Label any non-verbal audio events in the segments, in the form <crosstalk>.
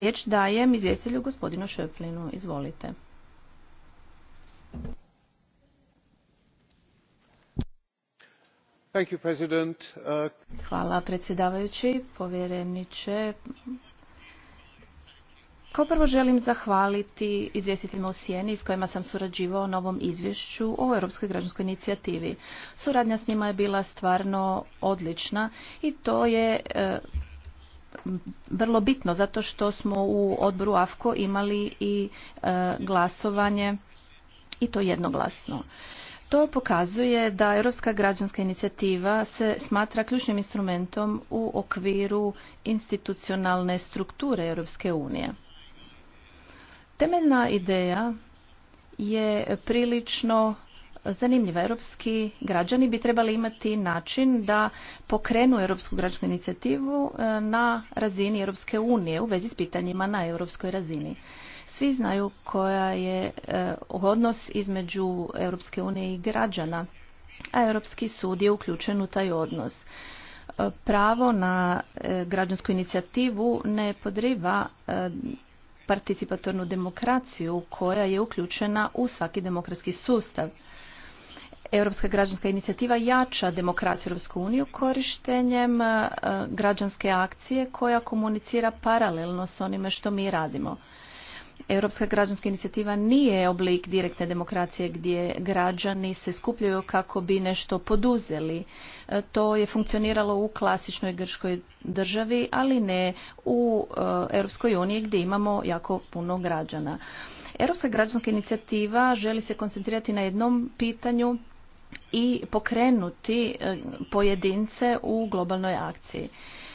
Riječ dajem izvjestitelju gospodinu Šeflinu, Izvolite. Uh, Hvala predsjedavajući, povjereniče. Kao prvo želim zahvaliti izvjestiteljima u Sijeni s kojima sam surađivao na ovom izvješću o Europskoj građanskoj inicijativi. Suradnja s njima je bila stvarno odlična i to je uh, vrlo bitno zato što smo u odboru AFKO imali i e, glasovanje i to jednoglasno. To pokazuje da Europska građanska inicijativa se smatra ključnim instrumentom u okviru institucionalne strukture Europske unije. Temeljna ideja je prilično zanimljiva. Europski građani bi trebali imati način da pokrenu Europsku građansku inicijativu e, na razini Europske unije u vezi s pitanjima na europskoj razini. Svi znaju koja je e, odnos između Europske unije i građana, a Europski sud je uključen u taj odnos. E, pravo na građansku inicijativu ne podriva participatornu demokraciju koja je uključena u svaki demokratski sustav. Europska građanska inicijativa jača demokraciju Europsku uniju korištenjem e, građanske akcije koja komunicira paralelno s onime što mi radimo. Europska građanska inicijativa nije oblik direktne demokracije gdje građani se skupljaju kako bi nešto poduzeli. E, to je funkcioniralo u klasičnoj grškoj državi, ali ne u e, Europskoj uniji gdje imamo jako puno građana. Europska građanska inicijativa želi se koncentrirati na jednom pitanju i pokrenuti e, pojedince u globalnoj akciji.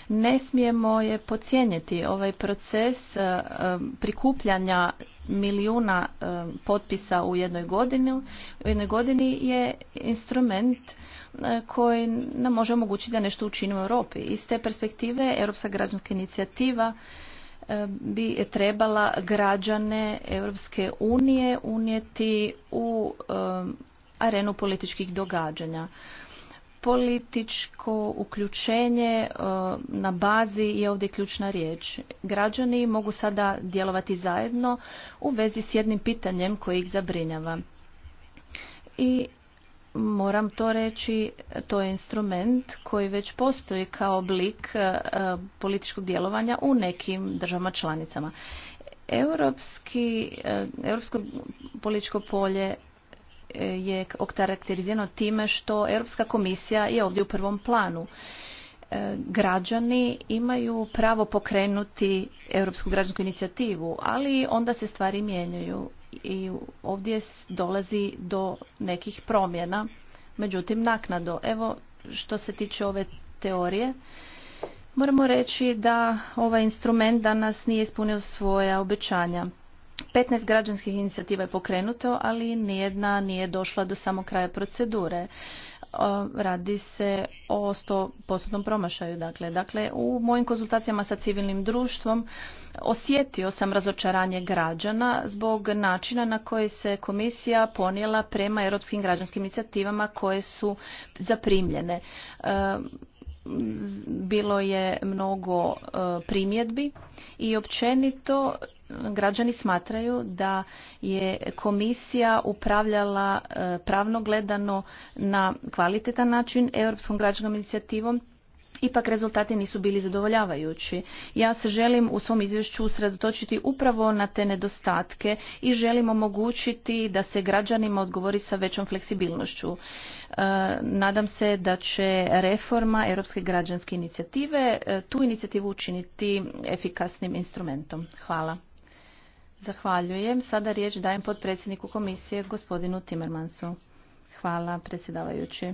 Ne smijemo je pocijenjiti ovaj proces e, e, prikupljanja milijuna potpisa u jednoj godini, u jednoj godini je instrument koji nam može omogućiti da nešto učinimo u Europi. Iz te perspektive Europska građanska inicijativa bi trebala građane Europske unije unijeti u arenu političkih događanja političko uključenje e, na bazi je ovdje ključna riječ. Građani mogu sada djelovati zajedno u vezi s jednim pitanjem koji ih zabrinjava. I moram to reći, to je instrument koji već postoji kao oblik e, političkog djelovanja u nekim državama članicama. Europski, e, europsko političko polje je okarakterizirano time što Europska komisija je ovdje u prvom planu. E, građani imaju pravo pokrenuti Europsku građansku inicijativu, ali onda se stvari mijenjaju i ovdje dolazi do nekih promjena, međutim naknado. Evo što se tiče ove teorije, moramo reći da ovaj instrument danas nije ispunio svoja obećanja. 15 građanskih inicijativa je pokrenuto, ali nijedna nije došla do samo kraja procedure. Radi se o 100% promašaju. Dakle. dakle, u mojim konzultacijama sa civilnim društvom osjetio sam razočaranje građana zbog načina na koji se komisija ponijela prema europskim građanskim inicijativama koje su zaprimljene. E, bilo je mnogo e, primjedbi i općenito građani smatraju da je komisija upravljala e, pravno gledano na kvalitetan način europskom građanom inicijativom ipak rezultati nisu bili zadovoljavajući. Ja se želim u svom izvješću usredotočiti upravo na te nedostatke i želim omogućiti da se građanima odgovori sa većom fleksibilnošću. E, nadam se da će reforma Europske građanske inicijative e, tu inicijativu učiniti efikasnim instrumentom. Hvala. Zahvaljujem. Sada riječ dajem potpredsjedniku komisije gospodinu Timmermansu. Hvala predsjedavajući.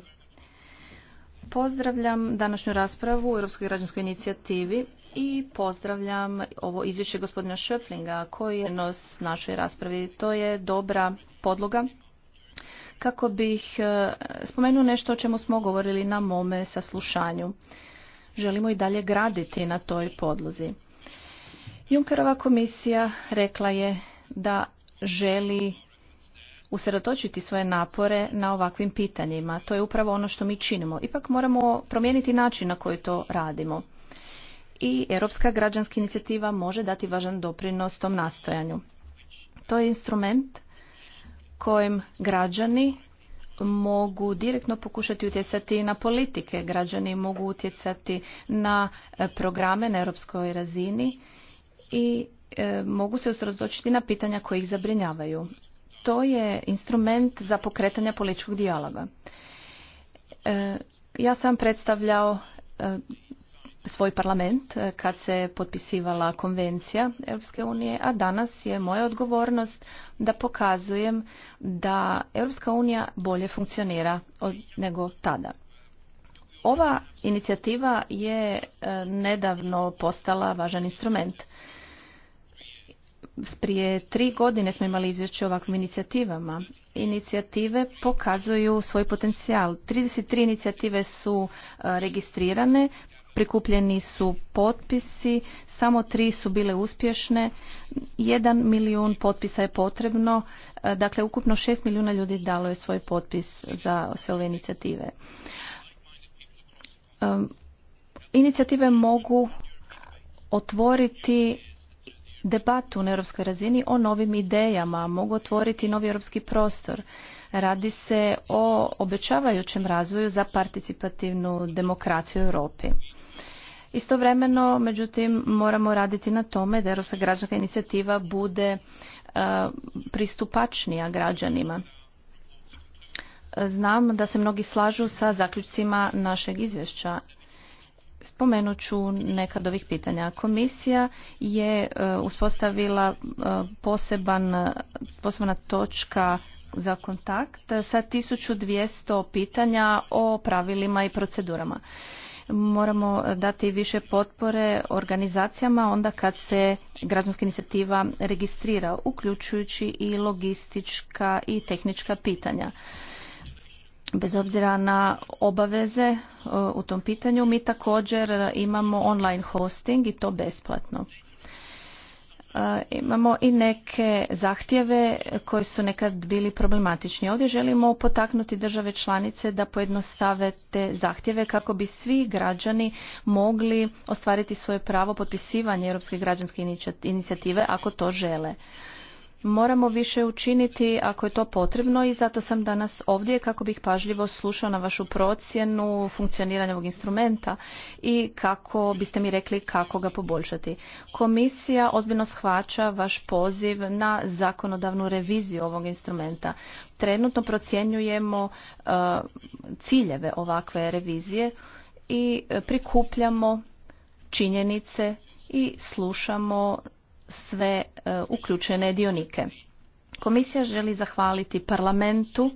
Pozdravljam današnju raspravu u Europskoj građanskoj inicijativi i pozdravljam ovo izvješće gospodina Šöplinga koji je nos našoj raspravi. To je dobra podloga kako bih e, spomenuo nešto o čemu smo govorili na mome saslušanju. Želimo i dalje graditi na toj podlozi. Junckerova komisija rekla je da želi usredotočiti svoje napore na ovakvim pitanjima. To je upravo ono što mi činimo. Ipak moramo promijeniti način na koji to radimo. I Europska građanska inicijativa može dati važan doprinos tom nastojanju. To je instrument kojim građani mogu direktno pokušati utjecati na politike. Građani mogu utjecati na programe na europskoj razini i e, mogu se usredotočiti na pitanja koji ih zabrinjavaju. To je instrument za pokretanje političkog dijaloga. E, ja sam predstavljao e, svoj parlament kad se potpisivala konvencija Europske unije, a danas je moja odgovornost da pokazujem da Europska unija bolje funkcionira od, nego tada. Ova inicijativa je nedavno postala važan instrument prije tri godine smo imali izvješće o ovakvim inicijativama. Inicijative pokazuju svoj potencijal. 33 inicijative su e, registrirane, prikupljeni su potpisi, samo tri su bile uspješne, jedan milijun potpisa je potrebno, e, dakle ukupno šest milijuna ljudi dalo je svoj potpis za sve ove inicijative. E, inicijative mogu otvoriti debatu na europskoj razini o novim idejama, mogu otvoriti novi europski prostor. Radi se o obećavajućem razvoju za participativnu demokraciju u Europi. Istovremeno, međutim, moramo raditi na tome da Europska građanska inicijativa bude e, pristupačnija građanima. Znam da se mnogi slažu sa zaključcima našeg izvješća Spomenut ću ovih pitanja. Komisija je e, uspostavila e, poseban, e, posebna točka za kontakt sa 1200 pitanja o pravilima i procedurama. Moramo dati više potpore organizacijama onda kad se građanska inicijativa registrira, uključujući i logistička i tehnička pitanja bez obzira na obaveze e, u tom pitanju, mi također imamo online hosting i to besplatno. E, imamo i neke zahtjeve koji su nekad bili problematični. Ovdje želimo potaknuti države članice da pojednostave te zahtjeve kako bi svi građani mogli ostvariti svoje pravo potpisivanja Europske građanske inicijative ako to žele. Moramo više učiniti ako je to potrebno i zato sam danas ovdje kako bih pažljivo slušao na vašu procjenu funkcioniranja ovog instrumenta i kako biste mi rekli kako ga poboljšati. Komisija ozbiljno shvaća vaš poziv na zakonodavnu reviziju ovog instrumenta. Trenutno procjenjujemo e, ciljeve ovakve revizije i prikupljamo činjenice i slušamo sve e, uključene dionike. Komisija želi zahvaliti parlamentu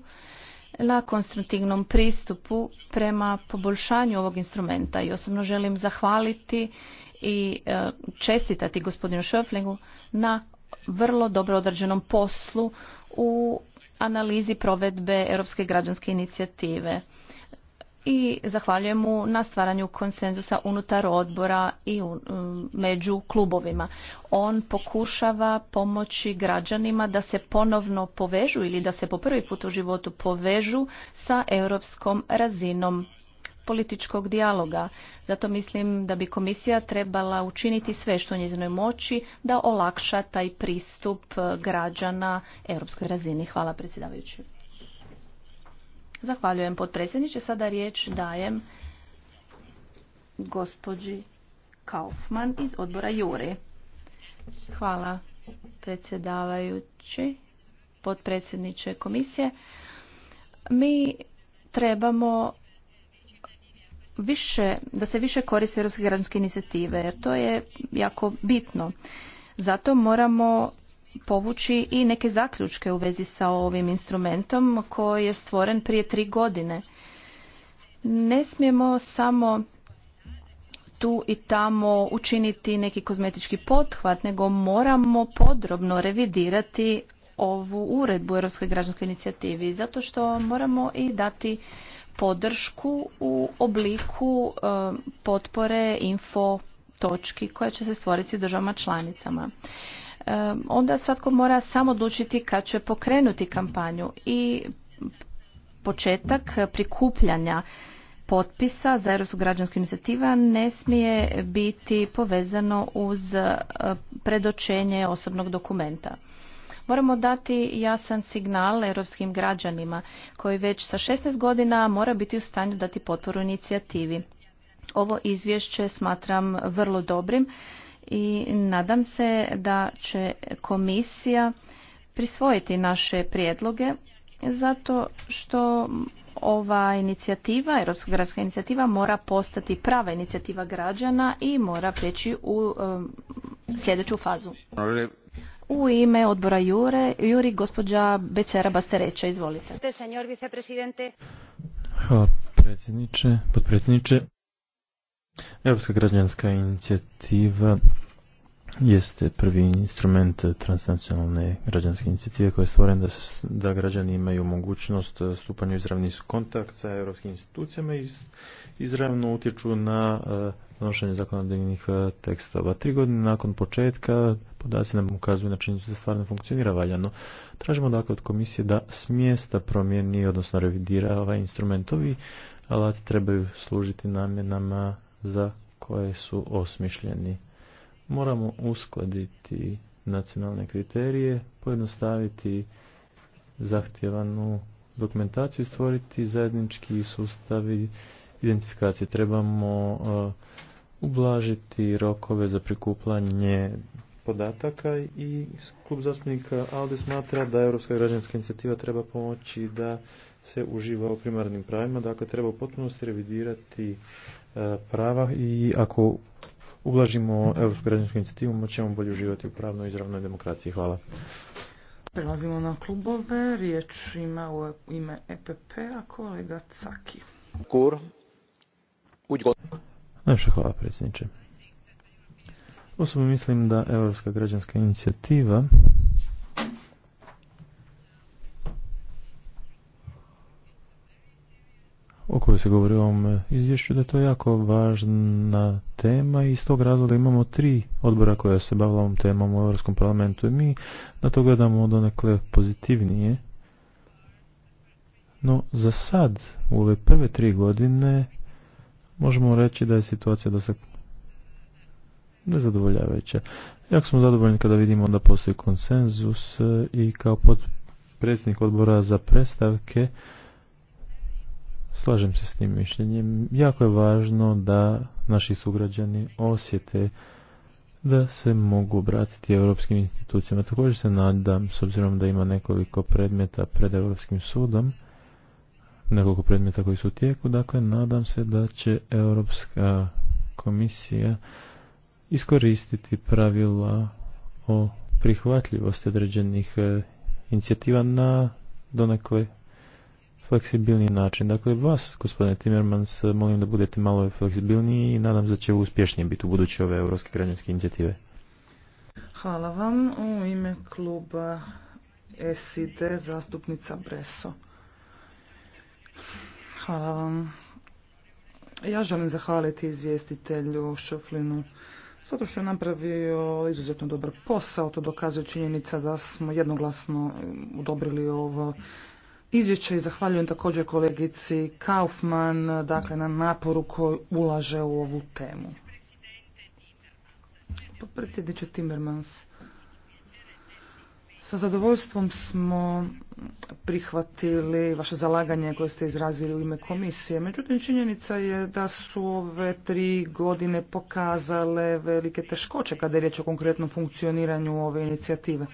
na konstruktivnom pristupu prema poboljšanju ovog instrumenta i osobno želim zahvaliti i e, čestitati gospodinu Šöflingu na vrlo dobro odrađenom poslu u analizi provedbe Europske građanske inicijative i zahvaljujem mu na stvaranju konsenzusa unutar odbora i um, među klubovima. On pokušava pomoći građanima da se ponovno povežu ili da se po prvi put u životu povežu sa europskom razinom političkog dijaloga. Zato mislim da bi komisija trebala učiniti sve što njezinoj moći da olakša taj pristup eh, građana europskoj razini. Hvala predsjedavajući. Zahvaljujem potpredsjedniče. Sada riječ dajem gospođi Kaufman iz odbora Juri. Hvala predsjedavajući, potpredsjedniče komisije. Mi trebamo više, da se više koriste europske građanske inicijative, jer to je jako bitno. Zato moramo povući i neke zaključke u vezi sa ovim instrumentom koji je stvoren prije tri godine. Ne smijemo samo tu i tamo učiniti neki kozmetički pothvat, nego moramo podrobno revidirati ovu uredbu Europskoj građanskoj inicijativi, zato što moramo i dati podršku u obliku e, potpore info točki koja će se stvoriti u državama članicama onda svatko mora samo odlučiti kad će pokrenuti kampanju i početak prikupljanja potpisa za Europsku građansku inicijativu ne smije biti povezano uz e, predočenje osobnog dokumenta. Moramo dati jasan signal europskim građanima koji već sa 16 godina mora biti u stanju dati potporu inicijativi. Ovo izvješće smatram vrlo dobrim i nadam se da će komisija prisvojiti naše prijedloge zato što ova inicijativa, Europska gradska inicijativa mora postati prava inicijativa građana i mora preći u um, sljedeću fazu. U ime odbora Jure, Juri, gospođa Bečera Bastereća, izvolite. Hvala predsjedniče, potpredsjedniče. Europska građanska inicijativa jeste prvi instrument transnacionalne građanske inicijative koja je stvoren da, se, da građani imaju mogućnost stupanja u izravni kontakt sa europskim institucijama i izravno utječu na e, donošenje zakonodavnih e, tekstova. Tri godine nakon početka podaci nam ukazuju na činjenicu da stvarno funkcionira valjano. Tražimo dakle od komisije da smjesta promijeni, odnosno revidira ovaj instrument. Ovi alati trebaju služiti namjenama za koje su osmišljeni. Moramo uskladiti nacionalne kriterije, pojednostaviti zahtjevanu dokumentaciju i stvoriti zajednički sustavi identifikacije. Trebamo uh, ublažiti rokove za prikupljanje podataka i klub zastupnika ALDE smatra da Europska građanska inicijativa treba pomoći da se uživa u primarnim pravima, dakle treba u potpunosti revidirati E, prava i ako ublažimo Europsku građansku inicijativu, moćemo bolje uživati u pravnoj izravnoj demokraciji. Hvala. Prelazimo na klubove. Riječ ima u ime EPP-a kolega Caki. Kur. Najviše hvala predsjedniče. Osobno mislim da Europska građanska inicijativa se govori o ovom e, izvješću da je to jako važna tema i iz tog razloga imamo tri odbora koja se bavila ovom temom u Europskom parlamentu i mi na to gledamo donekle pozitivnije. No za sad, u ove prve tri godine, možemo reći da je situacija dosta nezadovoljavajuća. Jako smo zadovoljni kada vidimo da postoji konsenzus e, i kao predsjednik odbora za predstavke Slažem se s tim mišljenjem. Jako je važno da naši sugrađani osjete da se mogu obratiti europskim institucijama. Također se nadam, s obzirom da ima nekoliko predmeta pred Europskim sudom, nekoliko predmeta koji su u tijeku, dakle nadam se da će Europska komisija iskoristiti pravila o prihvatljivosti određenih eh, inicijativa na donekle fleksibilniji način. Dakle, vas, gospodine Timmermans, molim da budete malo fleksibilniji i nadam se da će uspješnije biti u budući ove europske građanske inicijative. Hvala vam. U ime kluba SID zastupnica Breso. Hvala vam. Ja želim zahvaliti izvjestitelju Šoflinu zato što je napravio izuzetno dobar posao, to dokazuje činjenica da smo jednoglasno odobrili ovo izvješće zahvaljujem također kolegici Kaufman dakle, na naporu koji ulaže u ovu temu. Predsjedniče Timmermans, sa zadovoljstvom smo prihvatili vaše zalaganje koje ste izrazili u ime komisije. Međutim, činjenica je da su ove tri godine pokazale velike teškoće kada je riječ o konkretnom funkcioniranju ove inicijative.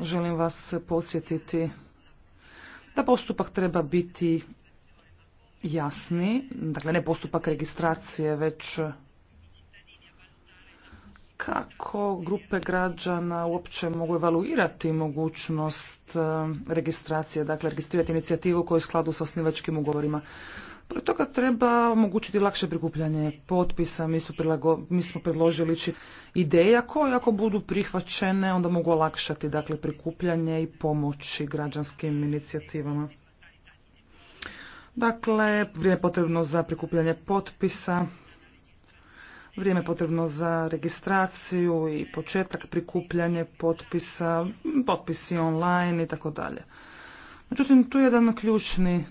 želim vas podsjetiti da postupak treba biti jasni, dakle ne postupak registracije, već kako grupe građana uopće mogu evaluirati mogućnost eh, registracije, dakle registrirati inicijativu koja je u skladu sa osnivačkim ugovorima. Pored toga treba omogućiti lakše prikupljanje potpisa. Mi, smo, prilago, mi smo predložili ideja koje ako budu prihvaćene onda mogu olakšati dakle, prikupljanje i pomoći građanskim inicijativama. Dakle, vrijeme potrebno za prikupljanje potpisa, vrijeme potrebno za registraciju i početak prikupljanje potpisa, potpisi online i tako dalje. Međutim, tu je jedan ključni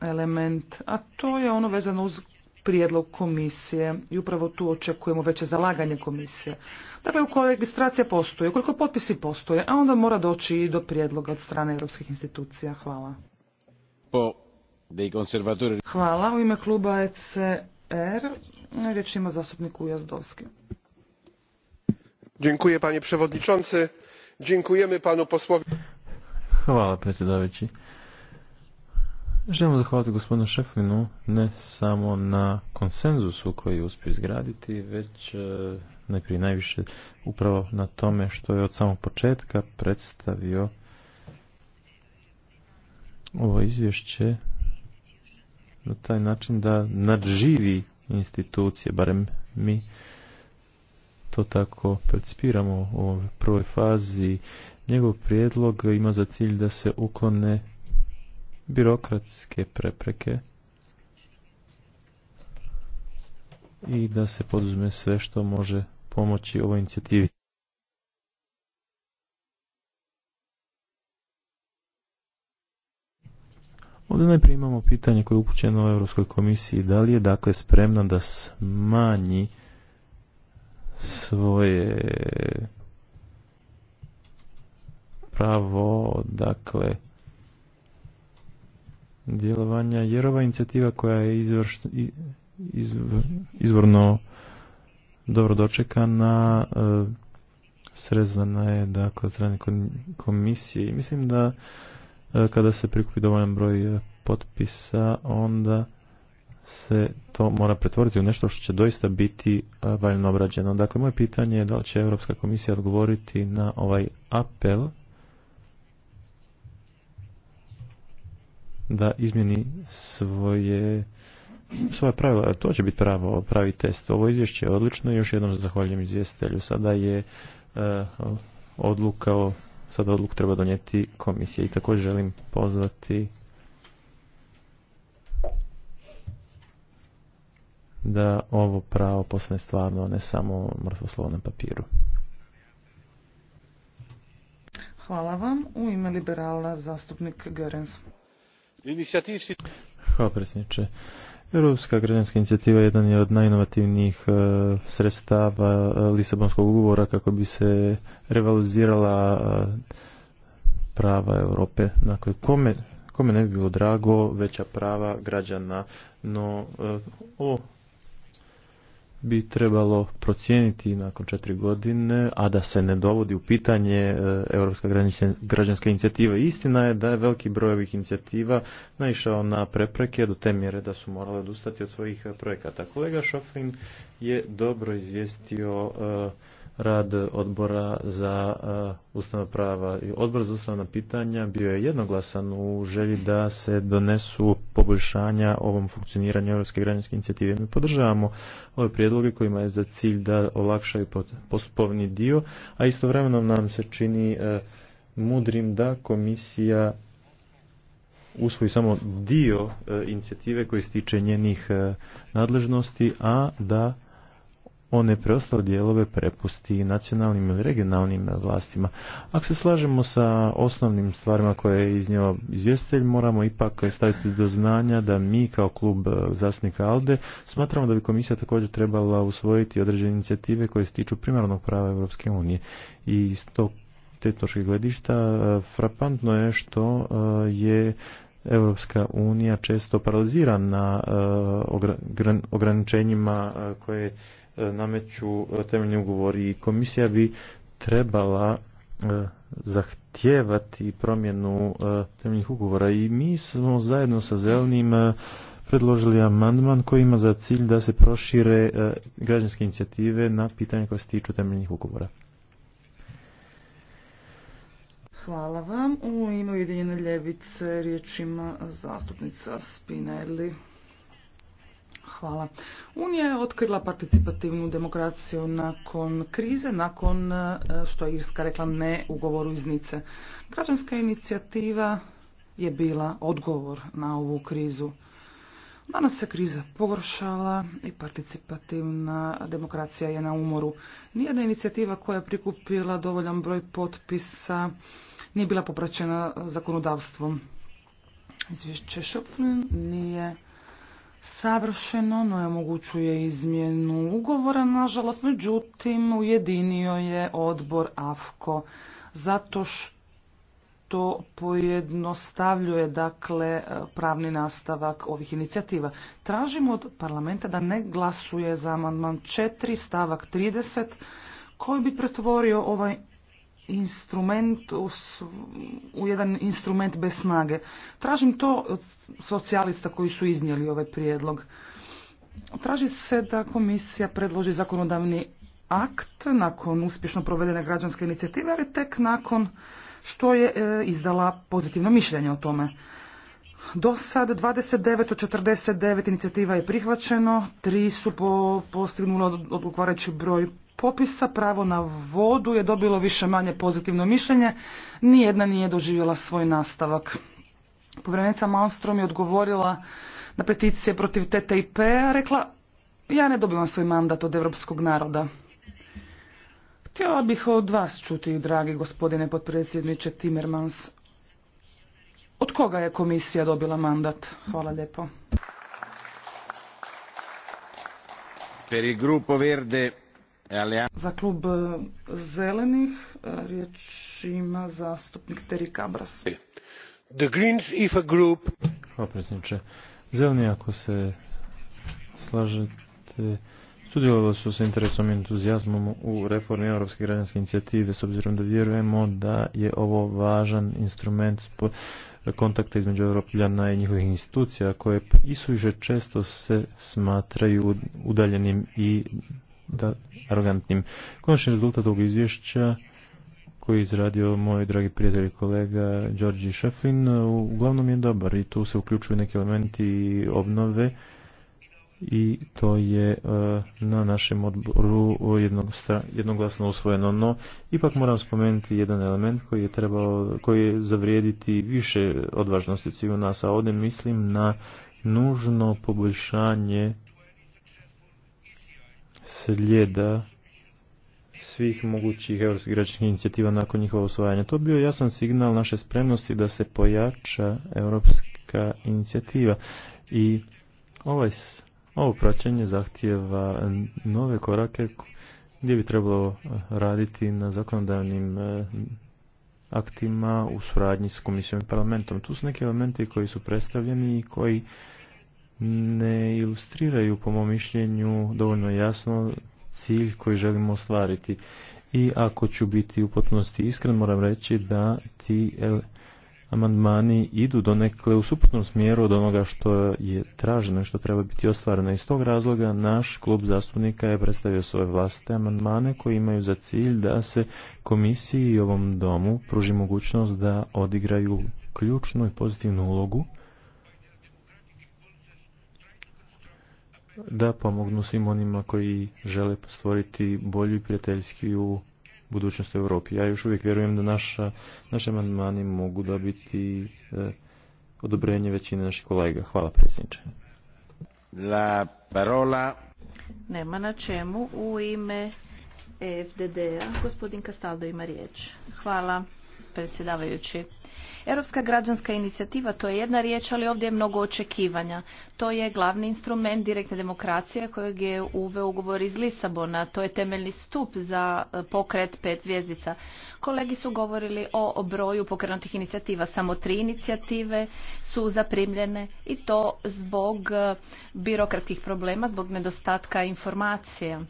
element, a to je ono vezano uz prijedlog komisije i upravo tu očekujemo veće zalaganje komisije. Dakle, ukoliko registracija postoje, ukoliko potpisi postoje, a onda mora doći i do prijedloga od strane europskih institucija. Hvala. Hvala. U ime kluba ECR riječ ima zastupnik Ujazdovski. Dziękuję panie przewodniczący. Dziękujemy panu posłowi. Hvala predsjedavajući. Želimo zahvaliti gospodinu Šeflinu ne samo na konsenzusu koji je uspio izgraditi, već e, najprije najviše upravo na tome što je od samog početka predstavio ovo izvješće na taj način da nadživi institucije, barem mi to tako percipiramo u ovoj prvoj fazi. Njegov prijedlog ima za cilj da se uklone birokratske prepreke i da se poduzme sve što može pomoći ovoj inicijativi. Ovdje najprije imamo pitanje koje je upućeno u Europskoj komisiji. Da li je dakle spremna da smanji svoje pravo, dakle, djelovanja, jer ova inicijativa koja je izvrš, izvorno dobro dočekana, e, srezana je dakle, strane komisije i mislim da e, kada se prikupi dovoljan broj e, potpisa, onda se to mora pretvoriti u nešto što će doista biti valjno obrađeno. Dakle, moje pitanje je da li će Europska komisija odgovoriti na ovaj apel da izmjeni svoje svoje pravila. To će biti pravo, pravi test. Ovo izvješće je odlično i još jednom zahvaljujem izvjestitelju. Sada je uh, odluka o sada odluku treba donijeti komisija i također želim pozvati da ovo pravo postane stvarno, ne samo mrtvo slovo na papiru. Hvala vam. U ime liberala zastupnik Görens. Hvala predsjedniče. Europska građanska inicijativa jedan je od najinovativnijih e, sredstava e, Lisabonskog ugovora kako bi se revalizirala e, prava Europe. Dakle, kome, kome ne bi bilo drago veća prava građana, no o bi trebalo procijeniti nakon četiri godine, a da se ne dovodi u pitanje e, Europska građanska inicijativa. Istina je da je veliki broj ovih inicijativa naišao na prepreke do te mjere da su morali odustati od svojih e, projekata. Kolega Šofin je dobro izvijestio e, rad odbora za eh, ustavna prava i odbor za ustavna pitanja bio je jednoglasan u želji da se donesu poboljšanja ovom funkcioniranju Europske građanske inicijative. Mi podržavamo ove prijedloge kojima je za cilj da olakšaju postupovni dio, a istovremeno nam se čini eh, mudrim da komisija usvoji samo dio eh, inicijative koji se tiče njenih nadležnosti, a da one preostale dijelove prepusti nacionalnim ili regionalnim vlastima. Ako se slažemo sa osnovnim stvarima koje je iznio izvjestitelj, moramo ipak staviti do znanja da mi kao klub zastupnika ALDE smatramo da bi komisija također trebala usvojiti određene inicijative koje se tiču primarnog prava Europske unije. I iz tog te točke gledišta e, frapantno je što e, je Europska unija često paralizirana e, ograničenjima koje E, nameću e, temeljni ugovor i komisija bi trebala e, zahtijevati promjenu temeljnih ugovora i mi smo zajedno sa zelenim predložili amandman koji ima za cilj da se prošire građanske inicijative na pitanje koje se tiču temeljnih ugovora. Hvala vam. U ime Ujedinjene ljevice riječ zastupnica Spinelli. Hvala. Unija je otkrila participativnu demokraciju nakon krize, nakon e, što je Irska rekla ne ugovoru iz Nice. Građanska inicijativa je bila odgovor na ovu krizu. Danas se kriza pogoršala i participativna demokracija je na umoru. Nijedna inicijativa koja je prikupila dovoljan broj potpisa nije bila popraćena zakonodavstvom. Izvješće Šoplin nije savršeno, no je omogućuje izmjenu ugovora, nažalost, međutim, ujedinio je odbor AFKO, zato što pojednostavljuje dakle pravni nastavak ovih inicijativa. Tražimo od parlamenta da ne glasuje za amandman 4 stavak 30 koji bi pretvorio ovaj instrument u jedan instrument bez snage. Tražim to od socijalista koji su iznijeli ovaj prijedlog. Traži se da komisija predloži zakonodavni akt nakon uspješno provedene građanske inicijative, ali tek nakon što je e, izdala pozitivno mišljenje o tome. Do sad 29 od 49 inicijativa je prihvaćeno, tri su po, postignule odgovarajući broj popisa pravo na vodu je dobilo više manje pozitivno mišljenje, nijedna nije doživjela svoj nastavak. Povjerenica Malmstrom je odgovorila na peticije protiv TTIP-a, rekla ja ne dobivam svoj mandat od evropskog naroda. Htjela bih od vas čuti, dragi gospodine potpredsjedniče Timmermans. Od koga je komisija dobila mandat? Hvala lijepo. Za klub e, zelenih e, riječ ima zastupnik Teri Kabras. The Greens if a group... Hvala predsjedniče. Zeleni ako se slažete sudjelovali su sa interesom i entuzijazmom u reformi Europske građanske inicijative s obzirom da vjerujemo da je ovo važan instrument kontakta između Europljana i njihovih institucija koje isuže često se smatraju udaljenim i da arogantnim. Konačni rezultat ovog izvješća koji je izradio moj dragi prijatelj i kolega Đorđi Šeflin uglavnom je dobar i tu se uključuju neki elementi obnove i to je e, na našem odboru jednoglasno usvojeno. No, ipak moram spomenuti jedan element koji je trebao, koji je zavrijediti više odvažnosti svih nas, a ovdje mislim na nužno poboljšanje slijeda svih mogućih europskih građanskih inicijativa nakon njihova osvajanja. To bio jasan signal naše spremnosti da se pojača europska inicijativa i ovaj, ovo praćenje zahtijeva nove korake gdje bi trebalo raditi na zakonodavnim e, aktima u suradnji s komisijom i parlamentom. Tu su neki elementi koji su predstavljeni i koji ne ilustriraju, po mom mišljenju, dovoljno jasno cilj koji želimo ostvariti. I ako ću biti u potpunosti iskren, moram reći da ti e, amandmani idu donekle u suprotnom smjeru od onoga što je traženo i što treba biti ostvareno. Iz tog razloga naš klub zastupnika je predstavio svoje vlastite amandmane koji imaju za cilj da se komisiji i ovom domu pruži mogućnost da odigraju ključnu i pozitivnu ulogu da pomognu svim onima koji žele stvoriti bolju i prijateljskiju budućnost u Europi. Ja još uvijek vjerujem da naša, naše amandmani mogu dobiti e, odobrenje većine naših kolega. Hvala predsjedniče. La parola. Nema na čemu. U ime FDD a gospodin Kastaldo ima riječ. Hvala predsjedavajući. Europska građanska inicijativa to je jedna riječ, ali ovdje je mnogo očekivanja. To je glavni instrument direktne demokracije kojeg je uveo ugovor iz Lisabona. To je temeljni stup za e, pokret pet zvjezdica. Kolegi su govorili o broju pokrenutih inicijativa. Samo tri inicijative su zaprimljene i to zbog e, birokratskih problema, zbog nedostatka informacija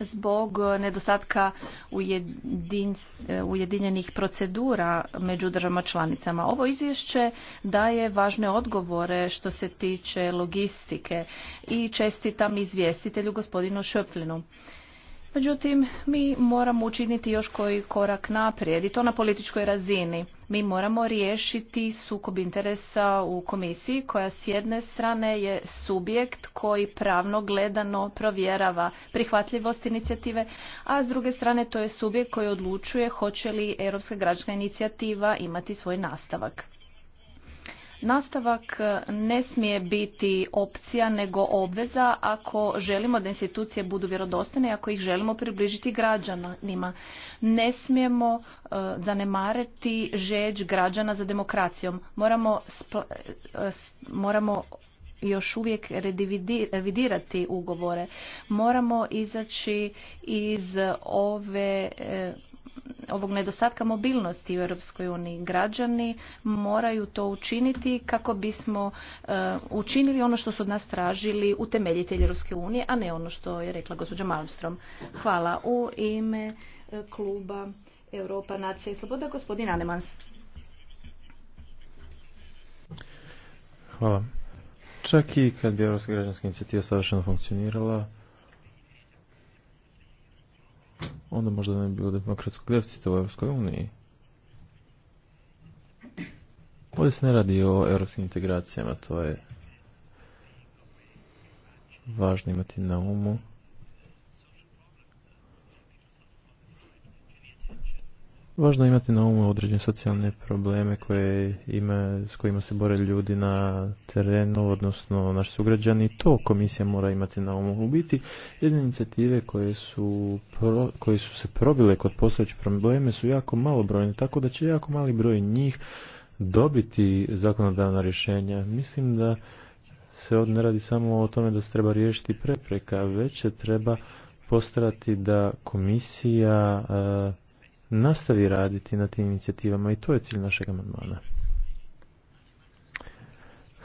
zbog nedostatka ujedinjenih procedura među državama članicama. Ovo izvješće daje važne odgovore što se tiče logistike i čestitam izvjestitelju gospodinu Šöplinu. Međutim, mi moramo učiniti još koji korak naprijed i to na političkoj razini mi moramo riješiti sukob interesa u komisiji koja s jedne strane je subjekt koji pravno gledano provjerava prihvatljivost inicijative, a s druge strane to je subjekt koji odlučuje hoće li Europska građanska inicijativa imati svoj nastavak. Nastavak e, ne smije biti opcija nego obveza ako želimo da institucije budu vjerodostojne i ako ih želimo približiti građanima. Ne smijemo e, zanemariti žeđ građana za demokracijom. Moramo, e, moramo još uvijek revidirati ugovore. Moramo izaći iz ove ovog nedostatka mobilnosti u Europskoj uniji. Građani moraju to učiniti kako bismo e, učinili ono što su od nas tražili utemeljitelji Europske unije, a ne ono što je rekla gospođa Malmstrom. Hvala. U ime e, kluba Europa, Nacija i Sloboda, gospodin Anemans. Hvala. Čak i kad bi Europska građanska inicijativa savršeno funkcionirala, onda možda ne bi bilo demokratskog deficita u Europskoj uniji. Ovdje se ne radi o europskim integracijama, to je važno imati na umu. Važno je imati na umu određene socijalne probleme koje ima, s kojima se bore ljudi na terenu, odnosno naši sugrađani. To komisija mora imati na umu. U biti, jedne inicijative koje su, koje su se probile kod postojećih probleme su jako malo brojne, tako da će jako mali broj njih dobiti zakonodavna rješenja. Mislim da se od ne radi samo o tome da se treba riješiti prepreka, već se treba postarati da komisija nastavi raditi na tim inicijativama i to je cilj našeg amandmana.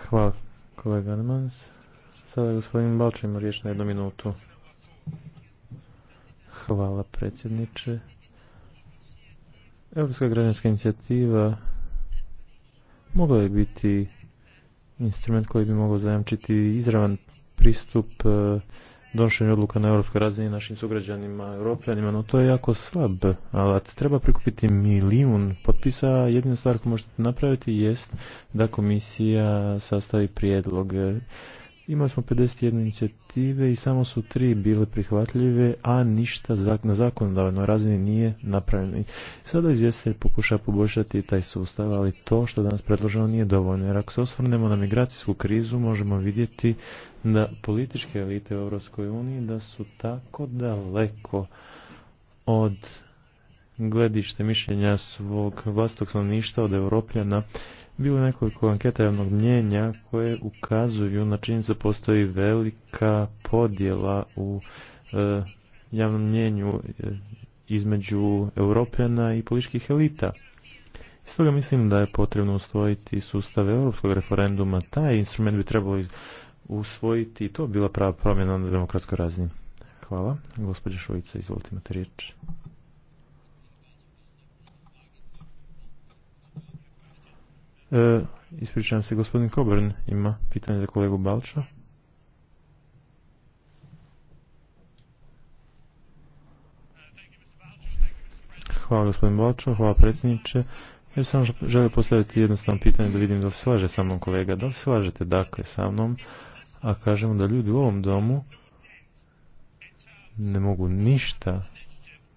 Hvala kolega Sada gospodin Balčin ima riječ na jednu minutu. Hvala predsjedniče. Europska građanska inicijativa mogla je biti instrument koji bi mogao zajamčiti izravan pristup eh, donošenju odluka na europskoj razini našim sugrađanima, europljanima, no to je jako slab alat. Treba prikupiti milijun potpisa, jedina stvar koju možete napraviti jest da komisija sastavi prijedlog Imali smo 51 inicijative i samo su tri bile prihvatljive, a ništa na zakonodavnoj razini nije napravljeno. Sada izvjestitelj pokuša poboljšati taj sustav, ali to što danas predloženo nije dovoljno. Jer ako se osvrnemo na migracijsku krizu, možemo vidjeti da političke elite u Europskoj da su tako daleko od gledište mišljenja svog vlastog stanovništva od Europljana bilo je nekoliko anketa javnog mnjenja koje ukazuju na činjenicu da postoji velika podjela u e, javnom mnjenju e, između europljana i političkih elita. Stoga mislim da je potrebno usvojiti sustav europskog referenduma. Taj instrument bi trebalo usvojiti i to bila prava promjena na demokratskoj razini. Hvala. Gospođa Šovica, izvolite imate riječ. E, ispričavam se, gospodin Kobrn ima pitanje za kolegu Balča. Hvala gospodin Balčo, hvala predsjedniče. Ja sam želio postaviti jednostavno pitanje da vidim da li se slaže sa mnom kolega. Da li se slažete dakle sa mnom, a kažemo da ljudi u ovom domu ne mogu ništa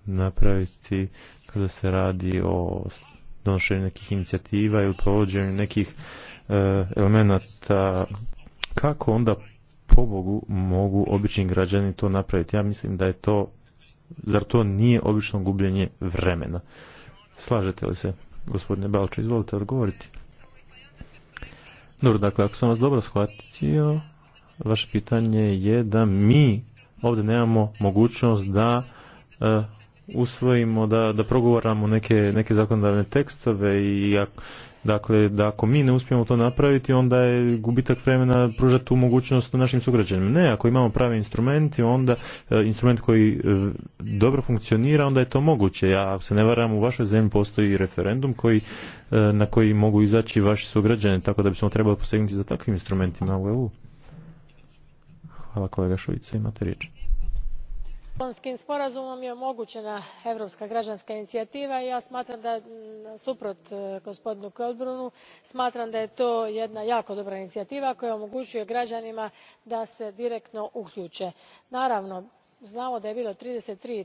napraviti kada se radi o donošenju nekih inicijativa ili provođenju nekih e, elemenata, kako onda pobogu mogu obični građani to napraviti? Ja mislim da je to, zar to nije obično gubljenje vremena? Slažete li se, gospodine Balčo, izvolite odgovoriti. Dobro, dakle, ako sam vas dobro shvatio, vaše pitanje je da mi ovdje nemamo mogućnost da e, usvojimo, da, da progovaramo neke, neke zakonodavne tekstove i dakle, da ako mi ne uspijemo to napraviti, onda je gubitak vremena pružati tu mogućnost našim sugrađanima. Ne, ako imamo pravi instrumenti, onda e, instrument koji e, dobro funkcionira, onda je to moguće. Ja se ne varam, u vašoj zemlji postoji referendum koji, e, na koji mogu izaći vaši sugrađani, tako da bismo trebali posegnuti za takvim instrumentima u EU. Hvala kolega Šujica, imate riječ lisabonskim sporazumom je omogućena europska građanska inicijativa i ja smatram suprot e, gospodinu smatram da je to jedna jako dobra inicijativa koja omogućuje građanima da se direktno uključe. naravno znamo da je bilo trideset three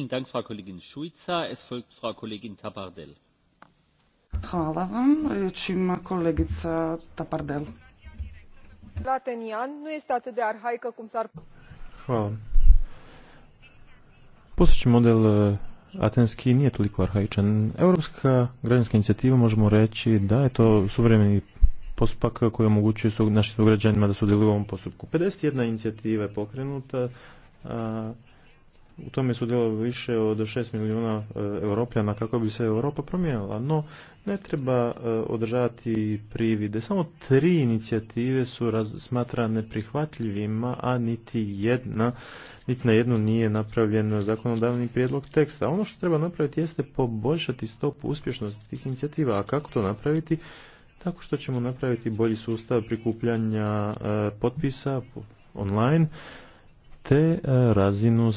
Dank, Frau Kollegin es folgt Frau Kollegin Tapardel. Hvala vam. Riječ ima kolegica Tapardel. Hvala. Postojeći model e, atenski nije toliko arhaičan. Europska građanska inicijativa možemo reći da je to suvremeni postupak koji omogućuje našim građanima da sudjeluju u ovom postupku. 51 inicijativa je pokrenuta, a u tome su djelo više od 6 milijuna e, europljana kako bi se Europa promijenila, no ne treba e, održavati privide. Samo tri inicijative su smatrane prihvatljivima, neprihvatljivima, a niti jedna, niti na jednu nije napravljen zakonodavni prijedlog teksta. Ono što treba napraviti jeste poboljšati stopu uspješnosti tih inicijativa, a kako to napraviti? Tako što ćemo napraviti bolji sustav prikupljanja e, potpisa online, te e, razinu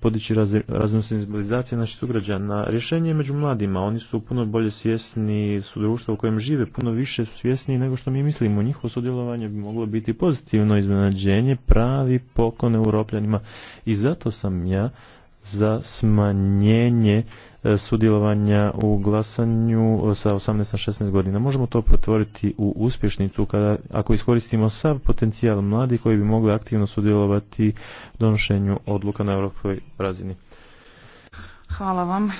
podići razinu senzibilizacije naših sugrađana. Rješenje među mladima, oni su puno bolje svjesni su društva u kojem žive, puno više su svjesni nego što mi mislimo. Njihovo sudjelovanje bi moglo biti pozitivno iznenađenje, pravi pokon europljanima i zato sam ja za smanjenje E, sudjelovanja u glasanju e, sa 18 na 16 godina. Možemo to pretvoriti u uspješnicu kada, ako iskoristimo sav potencijal mladi koji bi mogli aktivno sudjelovati u donošenju odluka na europskoj razini. Hvala vam.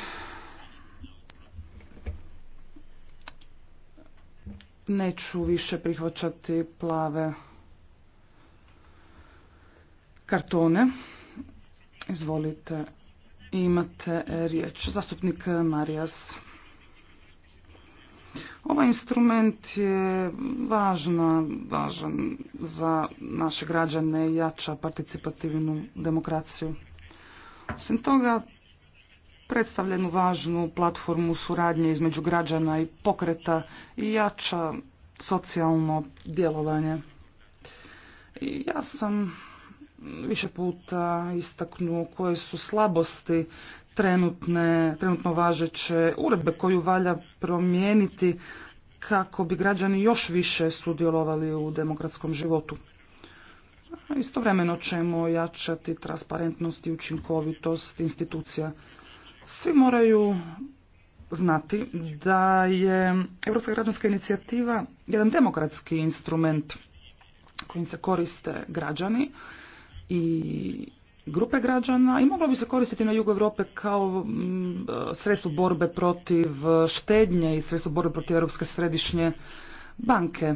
Neću više prihvaćati plave kartone. Izvolite Imate e, riječ. Zastupnik Marijas. Ovaj instrument je važna, važan za naše građane i jača participativnu demokraciju. Osim toga, predstavlja jednu važnu platformu suradnje između građana i pokreta i jača socijalno djelovanje. Ja sam više puta istaknuo koje su slabosti trenutne, trenutno važeće uredbe koju valja promijeniti kako bi građani još više sudjelovali u demokratskom životu. Istovremeno ćemo jačati transparentnost i učinkovitost institucija. Svi moraju znati da je Europska građanska inicijativa jedan demokratski instrument kojim se koriste građani i grupe građana i moglo bi se koristiti na jugu Europe kao mm, sredstvo borbe protiv e, štednje i sredstvo borbe protiv Europske središnje banke.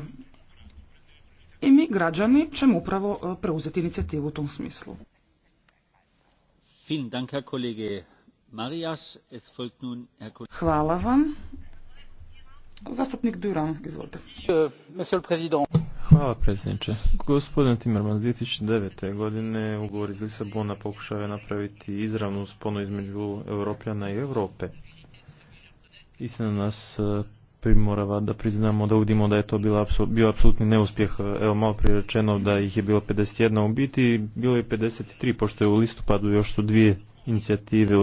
I mi građani ćemo upravo e, preuzeti inicijativu u tom smislu. Hvala vam. Zastupnik Duran, izvolite. E, Hvala predsjedniče. Gospodin Timmermans 2009. godine ugovor iz Lisabona pokušao je napraviti izravnu sponu između Europljana i Europe. Istina nas e, primorava da priznamo da uvidimo da je to bio apsolutni neuspjeh. Evo malo prije rečeno da ih je bilo 51 u biti, bilo je 53 pošto je u listopadu još su dvije inicijative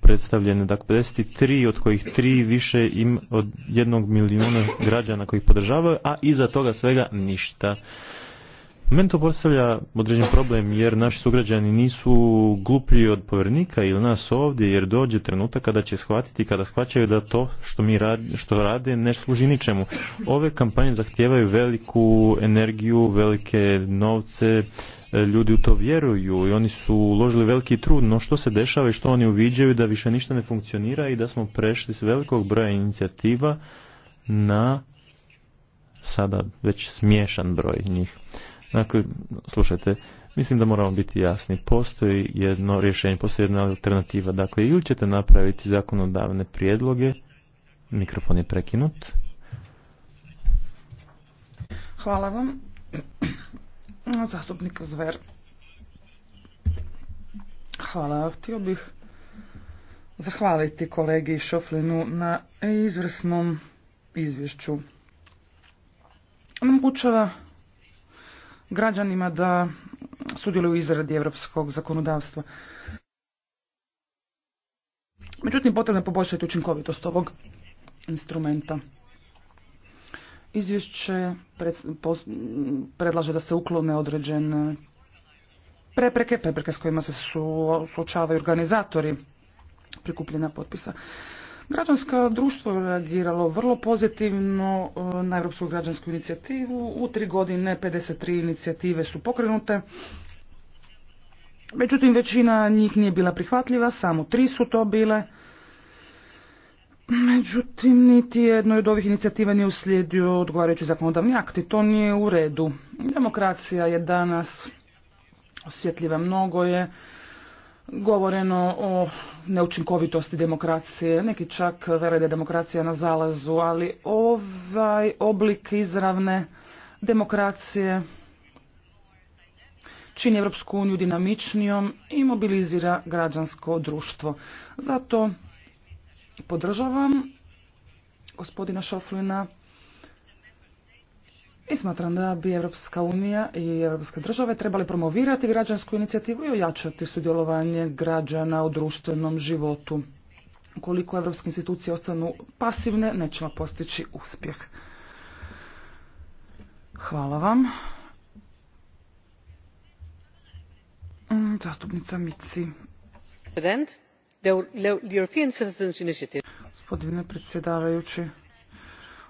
predstavljene. Dakle, 53 od kojih tri više im od jednog milijuna građana koji podržavaju, a iza toga svega ništa. Meni to postavlja određen problem jer naši sugrađani nisu gluplji od povjernika ili nas ovdje jer dođe trenutak kada će shvatiti, kada shvaćaju da to što mi radi, što rade ne služi ničemu. Ove kampanje zahtijevaju veliku energiju, velike novce, E, ljudi u to vjeruju i oni su uložili veliki trud, no što se dešava i što oni uviđaju da više ništa ne funkcionira i da smo prešli s velikog broja inicijativa na sada već smješan broj njih. Dakle, slušajte, mislim da moramo biti jasni. Postoji jedno rješenje, postoji jedna alternativa. Dakle, ili ćete napraviti zakonodavne prijedloge, mikrofon je prekinut. Hvala vam. Zastupnik Zver. Hvala. Htio bih zahvaliti kolegi Šoflinu na izvrsnom izvješću. Omogućava građanima da sudjeluju u izradi europskog zakonodavstva. Međutim, potrebno je poboljšati učinkovitost ovog instrumenta izvješće predlaže da se uklone određene prepreke, prepreke s kojima se suočavaju organizatori prikupljena potpisa. Građansko društvo reagiralo vrlo pozitivno e, na Europsku građansku inicijativu. U tri godine 53 inicijative su pokrenute. Međutim, većina njih nije bila prihvatljiva, samo tri su to bile. Međutim, niti jednoj od ovih inicijativa nije uslijedio odgovarajući zakonodavni akt i to nije u redu. Demokracija je danas osjetljiva. Mnogo je govoreno o neučinkovitosti demokracije. Neki čak vere da je demokracija na zalazu, ali ovaj oblik izravne demokracije čini Europsku uniju dinamičnijom i mobilizira građansko društvo. Zato podržavam gospodina Šoflina i smatram da bi Europska unija i Europske države trebali promovirati građansku inicijativu i ojačati sudjelovanje građana u društvenom životu. Ukoliko europske institucije ostanu pasivne, nećemo postići uspjeh. Hvala vam. Zastupnica Mici. Gospodine predsjedavajući,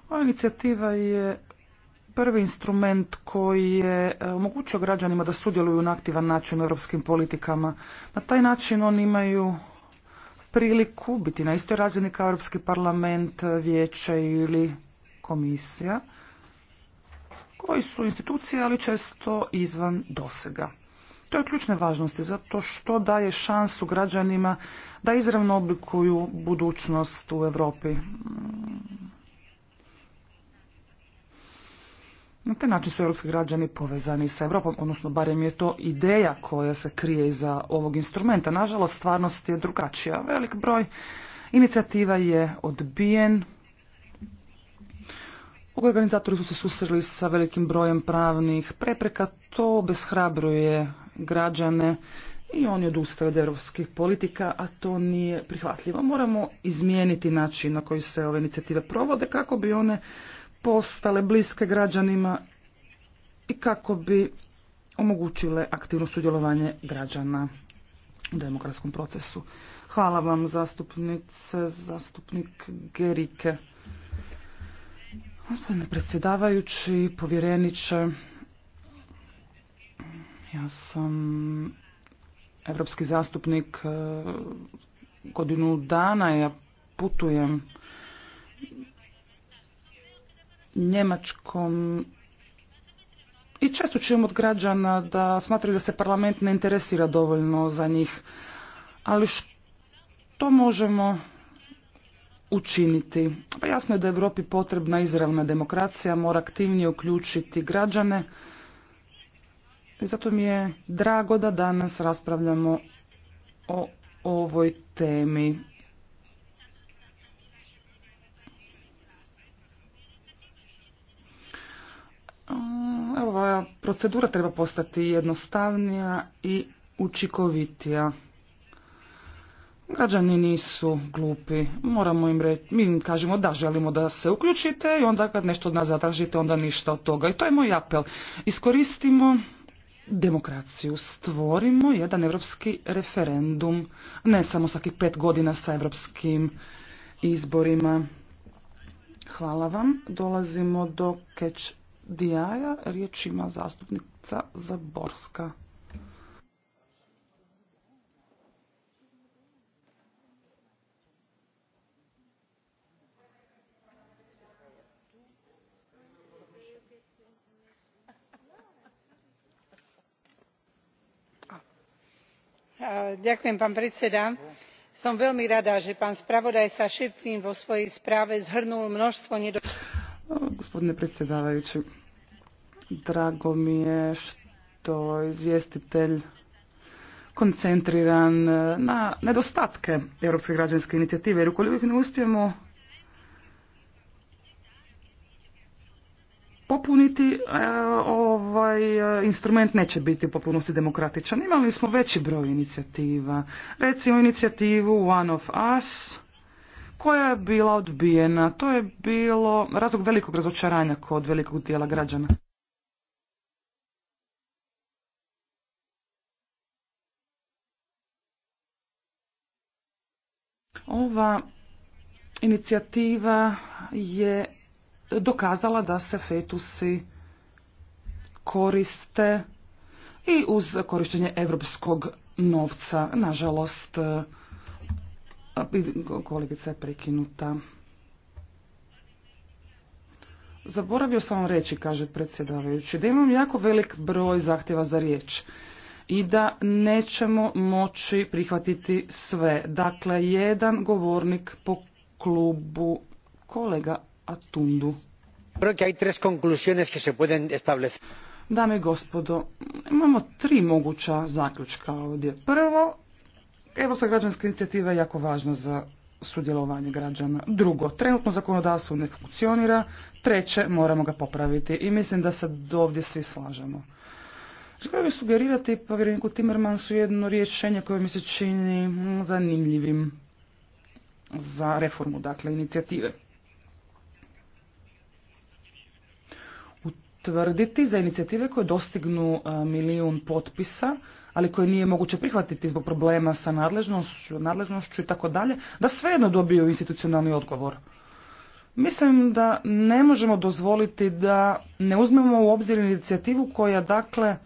ova inicijativa je prvi instrument koji je e, omogućio građanima da sudjeluju na aktivan način u europskim politikama. Na taj način oni imaju priliku biti na istoj razini kao Europski parlament, vijeće ili komisija, koji su institucije, ali često izvan dosega. To je ključne važnosti zato što daje šansu građanima da izravno oblikuju budućnost u Europi. Na taj način su europski građani povezani sa Europom, odnosno barem je to ideja koja se krije iza ovog instrumenta. Nažalost, stvarnost je drugačija. Velik broj inicijativa je odbijen. Organizatori su se susreli sa velikim brojem pravnih prepreka. To obeshrabruje građane i oni odustaju od europskih politika, a to nije prihvatljivo. Moramo izmijeniti način na koji se ove inicijative provode kako bi one postale bliske građanima i kako bi omogućile aktivno sudjelovanje građana u demokratskom procesu. Hvala vam zastupnice, zastupnik Gerike. Gospodine predsjedavajući, povjereniče, ja sam evropski zastupnik e, godinu dana, ja putujem Njemačkom i često čujem od građana da smatraju da se parlament ne interesira dovoljno za njih. Ali što možemo učiniti? Pa jasno je da je Europi potrebna izravna demokracija, mora aktivnije uključiti građane, zato mi je drago da danas raspravljamo o ovoj temi. Ova procedura treba postati jednostavnija i učinkovitija. Građani nisu glupi. Moramo im reći, mi im kažemo da želimo da se uključite i onda kad nešto od nas zatražite, onda ništa od toga. I to je moj apel. Iskoristimo demokraciju stvorimo jedan evropski referendum, ne samo svakih pet godina sa evropskim izborima. Hvala vam. Dolazimo do Catch Dijaja. Riječ ima zastupnica Zaborska. som veľmi rada že pán spravodajca schpflin vo svojej správe zhrnul množstvo gospodine predsjedavajući drago mi je što izvjestitelj koncentriran e, na nedostatke europske građanske inicijative jer ukoliko ih ne uspijemo popuniti, e, ovaj e, instrument neće biti u popunosti demokratičan. Imali smo veći broj inicijativa. Recimo inicijativu One of Us, koja je bila odbijena. To je bilo razlog velikog razočaranja kod velikog tijela građana. Ova inicijativa je dokazala da se fetusi koriste i uz korištenje evropskog novca. Nažalost, kolegica je prekinuta. Zaboravio sam vam reći, kaže predsjedavajući, da imam jako velik broj zahtjeva za riječ i da nećemo moći prihvatiti sve. Dakle, jedan govornik po klubu kolega Creo tres conclusiones que se pueden establecer. Dame i gospodo, imamo tri moguća zaključka ovdje. Prvo, Evropska građanska inicijativa je jako važna za sudjelovanje građana. Drugo, trenutno zakonodavstvo ne funkcionira. Treće, moramo ga popraviti i mislim da se ovdje svi slažemo. Želio bih sugerirati povjereniku Timmermansu jedno rješenje koje mi se čini zanimljivim za reformu, dakle, inicijative. tvrditi za inicijative koje dostignu e, milijun potpisa, ali koje nije moguće prihvatiti zbog problema sa nadležnošću, nadležnošću i tako dalje, da svejedno dobiju institucionalni odgovor. Mislim da ne možemo dozvoliti da ne uzmemo u obzir inicijativu koja dakle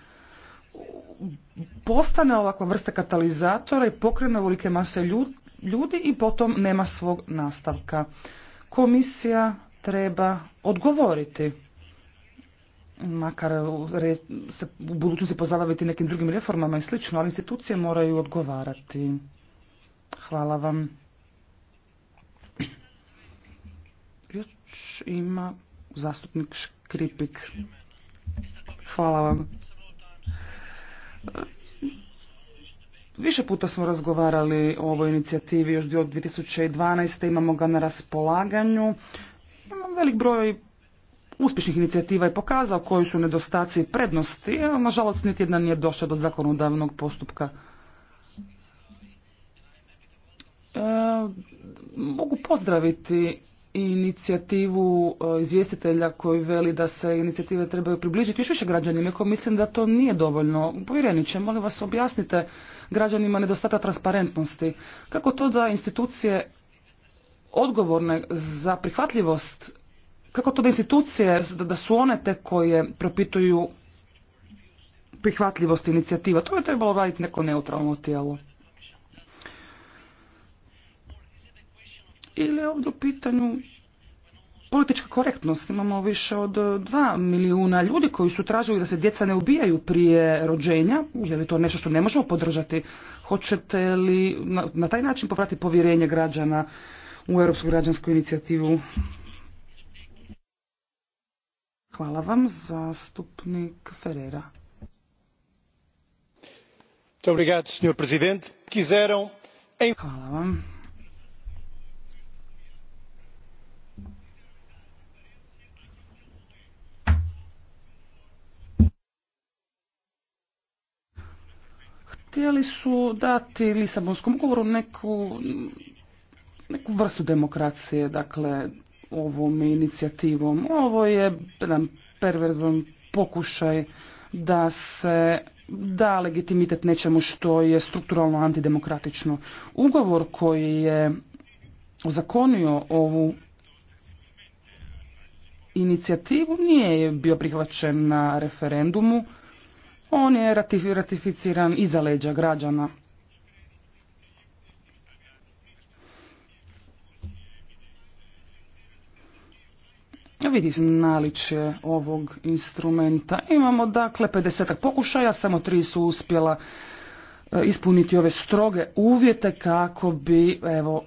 postane ovakva vrsta katalizatora i pokrene velike mase ljudi i potom nema svog nastavka. Komisija treba odgovoriti makar se u budućnosti pozabaviti nekim drugim reformama i slično, ali institucije moraju odgovarati. Hvala vam. Još ima zastupnik Škripik. Hvala vam. Više puta smo razgovarali o ovoj inicijativi još od 2012. Imamo ga na raspolaganju. Imamo velik broj uspješnih inicijativa je pokazao koji su nedostaci i prednosti, a nažalost niti jedna nije došla do zakonodavnog postupka. E, mogu pozdraviti inicijativu e, izvjestitelja koji veli da se inicijative trebaju približiti još više građanima, iako mislim da to nije dovoljno. Povjereniče, molim vas objasnite građanima nedostatak transparentnosti. Kako to da institucije odgovorne za prihvatljivost kako to da institucije, da su one te koje propituju prihvatljivost inicijativa? To bi trebalo raditi neko neutralno tijelo. Ili je ovdje u pitanju politička korektnost. Imamo više od dva milijuna ljudi koji su tražili da se djeca ne ubijaju prije rođenja. Je li to nešto što ne možemo podržati? Hoćete li na, na taj način povratiti povjerenje građana u Europsku građansku inicijativu? Hvala vam, zastupnik Ferreira. Hvala vam. Htjeli su dati Lisabonskom ugovoru neku, neku vrstu demokracije, dakle ovom inicijativom. Ovo je jedan perverzan pokušaj da se da legitimitet nečemu što je strukturalno antidemokratično. Ugovor koji je ozakonio ovu inicijativu nije bio prihvaćen na referendumu. On je ratificiran iza leđa građana. vidi naličje ovog instrumenta. Imamo dakle 50 pokušaja, samo tri su uspjela e, ispuniti ove stroge uvjete kako bi evo,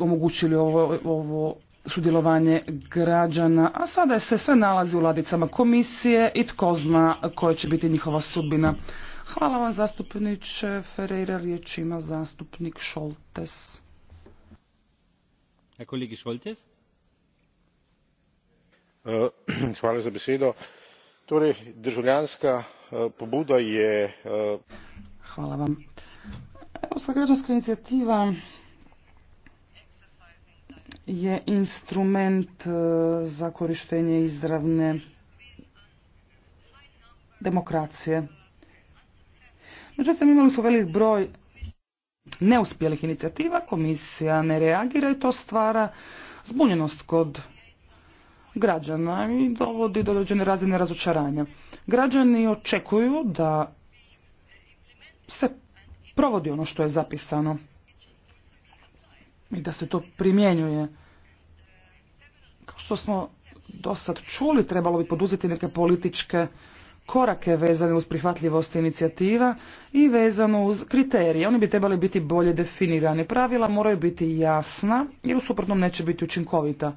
omogućili ovo, ovo sudjelovanje građana, a sada se sve nalazi u ladicama komisije i tko zna koja će biti njihova sudbina. Hvala vam zastupniče Ferreira, riječ ima zastupnik Šoltes. Kolegi Šoltes? Eh, <clears throat> torej državljanska eh, pobuda je. Eh, Evropska građanska inicijativa je instrument za korištenje izravne demokracije. Međutim, imali smo velik broj neuspjelih inicijativa, komisija ne reagira i to stvara zbunjenost kod građana i dovodi do određene razine razočaranja. Građani očekuju da se provodi ono što je zapisano i da se to primjenjuje. Kao što smo do sad čuli, trebalo bi poduzeti neke političke korake vezane uz prihvatljivost inicijativa i vezano uz kriterije. Oni bi trebali biti bolje definirani. Pravila moraju biti jasna jer u suprotnom neće biti učinkovita.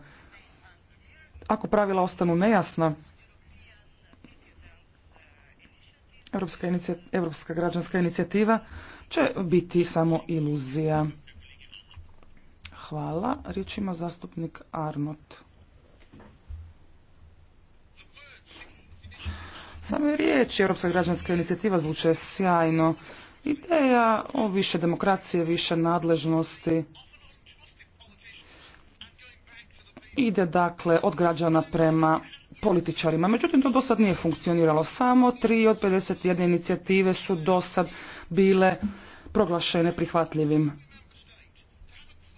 Ako pravila ostanu nejasna, Europska, građanska inicijativa će biti samo iluzija. Hvala. Riječ ima zastupnik Arnot. je riječ, Europska građanska inicijativa zvuče sjajno. Ideja o više demokracije, više nadležnosti, ide dakle od građana prema političarima. Međutim, to do sad nije funkcioniralo. Samo tri od 51 inicijative su do sad bile proglašene prihvatljivim.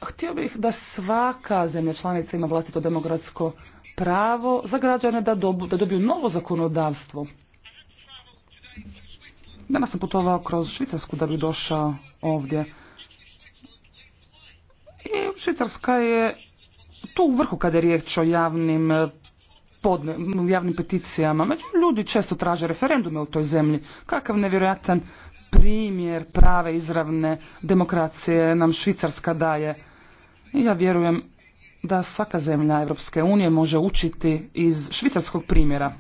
Htio bih da svaka zemlja članica ima vlastito demokratsko pravo za građane da, dobu, da dobiju novo zakonodavstvo. Danas sam putovao kroz Švicarsku da bi došao ovdje. I Švicarska je tu u vrhu kada je riječ o javnim eh, javnim peticijama. Među ljudi često traže referendume u toj zemlji. Kakav nevjerojatan primjer prave izravne demokracije nam Švicarska daje. I ja vjerujem da svaka zemlja Europske unije može učiti iz švicarskog primjera.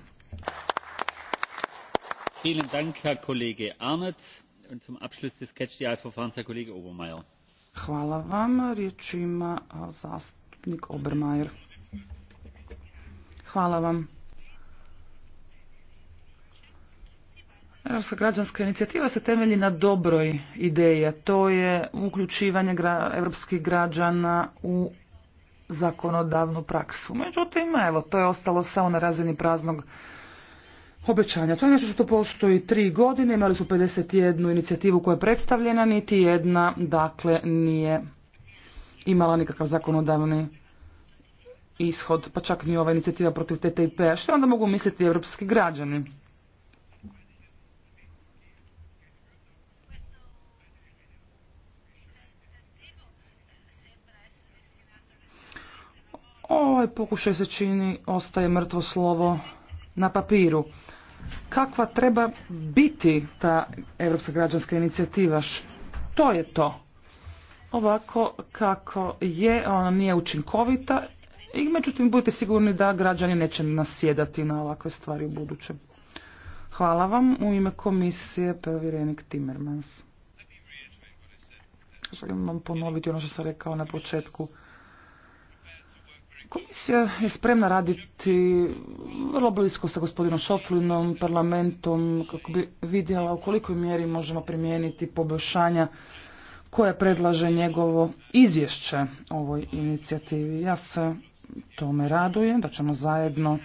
Hvala vam. Riječ ima zastupnik Obermajer. Hvala vam. Europska građanska inicijativa se temelji na dobroj ideji, a to je uključivanje europskih građana u zakonodavnu praksu. Međutim, evo, to je ostalo samo na razini praznog obećanja. To je nešto što postoji tri godine, imali su 51 inicijativu koja je predstavljena, niti jedna, dakle, nije imala nikakav zakonodavni ishod, pa čak ni ova inicijativa protiv TTIP-a. Što onda mogu misliti evropski građani? Ovaj pokušaj se čini, ostaje mrtvo slovo na papiru. Kakva treba biti ta Europska građanska inicijativa? To je to? ovako kako je, ona nije učinkovita i međutim budite sigurni da građani neće nasjedati na ovakve stvari u budućem. Hvala vam. U ime komisije povjerenik Timmermans. Želim vam ponoviti ono što sam rekao na početku. Komisija je spremna raditi vrlo blisko sa gospodinom Šoflinom, parlamentom, kako bi vidjela u kolikoj mjeri možemo primijeniti poboljšanja koje predlaže njegovo izvješće ovoj inicijativi. Ja se tome radujem, da ćemo zajedno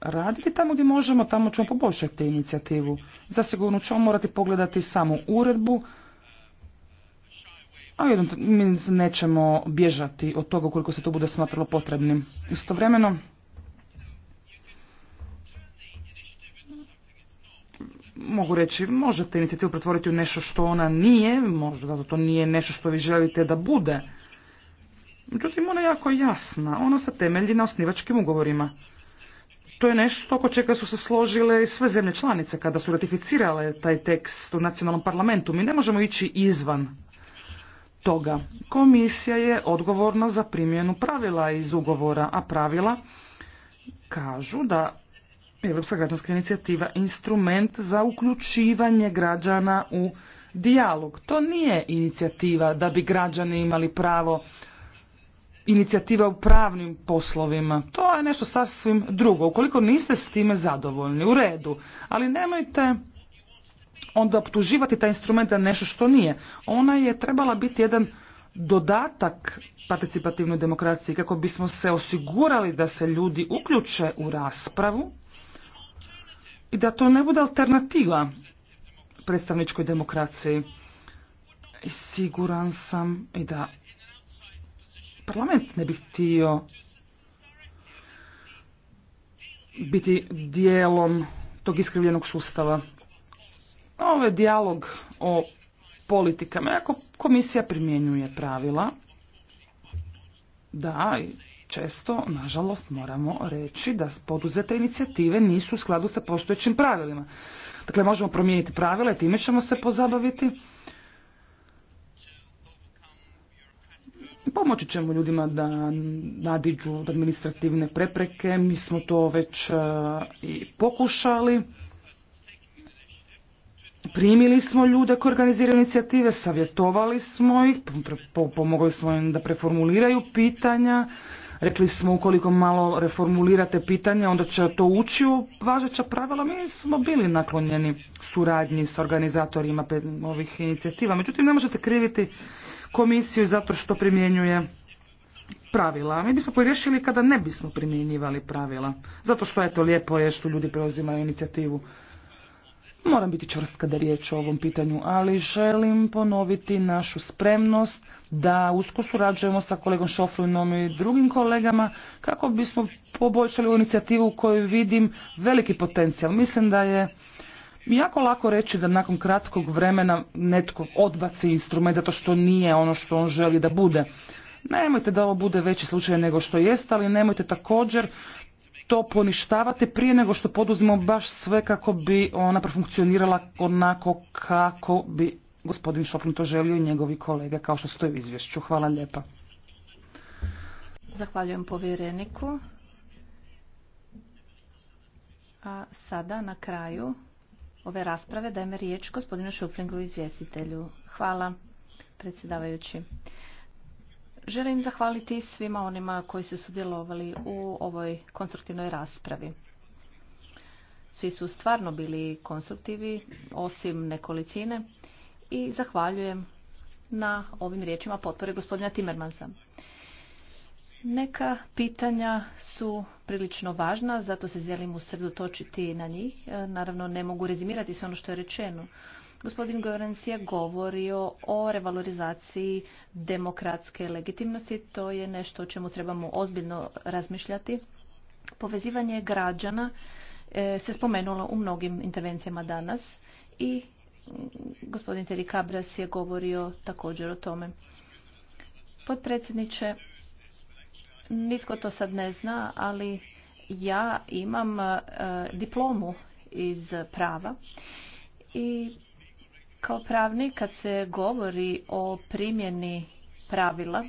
raditi tamo gdje možemo, tamo ćemo poboljšati inicijativu. Zasigurno ćemo morati pogledati samu uredbu, a jednom, mi nećemo bježati od toga koliko se to bude smatralo potrebnim. Istovremeno, mogu reći, možete inicijativu pretvoriti u nešto što ona nije, možda zato to nije nešto što vi želite da bude. Međutim, ona je jako jasna, ona se temelji na osnivačkim ugovorima. To je nešto oko čega su se složile i sve zemlje članice kada su ratificirale taj tekst u nacionalnom parlamentu. Mi ne možemo ići izvan toga. Komisija je odgovorna za primjenu pravila iz ugovora, a pravila kažu da Europska građanska inicijativa instrument za uključivanje građana u dijalog. To nije inicijativa da bi građani imali pravo inicijativa u pravnim poslovima. To je nešto sasvim drugo. Ukoliko niste s time zadovoljni, u redu. Ali nemojte onda optuživati taj instrument da nešto što nije. Ona je trebala biti jedan dodatak participativnoj demokraciji kako bismo se osigurali da se ljudi uključe u raspravu i da to ne bude alternativa predstavničkoj demokraciji. I siguran sam i da parlament ne bi htio biti dijelom tog iskrivljenog sustava. Ovo je dijalog o politikama. Ako komisija primjenjuje pravila, da, i Često, nažalost, moramo reći da poduzete inicijative nisu u skladu sa postojećim pravilima. Dakle, možemo promijeniti pravila i time ćemo se pozabaviti. Pomoći ćemo ljudima da nadiđu administrativne prepreke. Mi smo to već e, i pokušali. Primili smo ljude koji organiziraju inicijative, savjetovali smo ih, pomogli smo im da preformuliraju pitanja, Rekli smo ukoliko malo reformulirate pitanje, onda će to ući u važeća pravila. Mi smo bili naklonjeni suradnji s organizatorima ovih inicijativa. Međutim, ne možete kriviti komisiju zato što primjenjuje pravila. Mi bismo pogriješili kada ne bismo primjenjivali pravila. Zato što, je to lijepo je što ljudi preuzimaju inicijativu. Moram biti čvrst kada je riječ o ovom pitanju, ali želim ponoviti našu spremnost da usko surađujemo sa kolegom Šoflinom i drugim kolegama kako bismo poboljšali u inicijativu u kojoj vidim veliki potencijal. Mislim da je jako lako reći da nakon kratkog vremena netko odbaci instrument zato što nije ono što on želi da bude. Nemojte da ovo bude veći slučaj nego što jest, ali nemojte također to poništavate prije nego što poduzimo baš sve kako bi ona profunkcionirala onako kako bi gospodin Šoprin to želio i njegovi kolege kao što stoji u izvješću. Hvala lijepa. Zahvaljujem povjereniku. A sada na kraju ove rasprave dajme riječ gospodinu Šuplingu izvjestitelju. Hvala predsjedavajući. Želim zahvaliti svima onima koji su sudjelovali u ovoj konstruktivnoj raspravi. Svi su stvarno bili konstruktivi, osim nekolicine, i zahvaljujem na ovim riječima potpore gospodina Timmermansa. Neka pitanja su prilično važna, zato se želim usredotočiti na njih. Naravno, ne mogu rezimirati sve ono što je rečeno. Gospodin Govrens je govorio o revalorizaciji demokratske legitimnosti. To je nešto o čemu trebamo ozbiljno razmišljati. Povezivanje građana e, se spomenulo u mnogim intervencijama danas i gospodin Teri Cabras je govorio također o tome. Potpredsjedniče, nitko to sad ne zna, ali ja imam e, diplomu iz prava i kao pravnik kad se govori o primjeni pravila,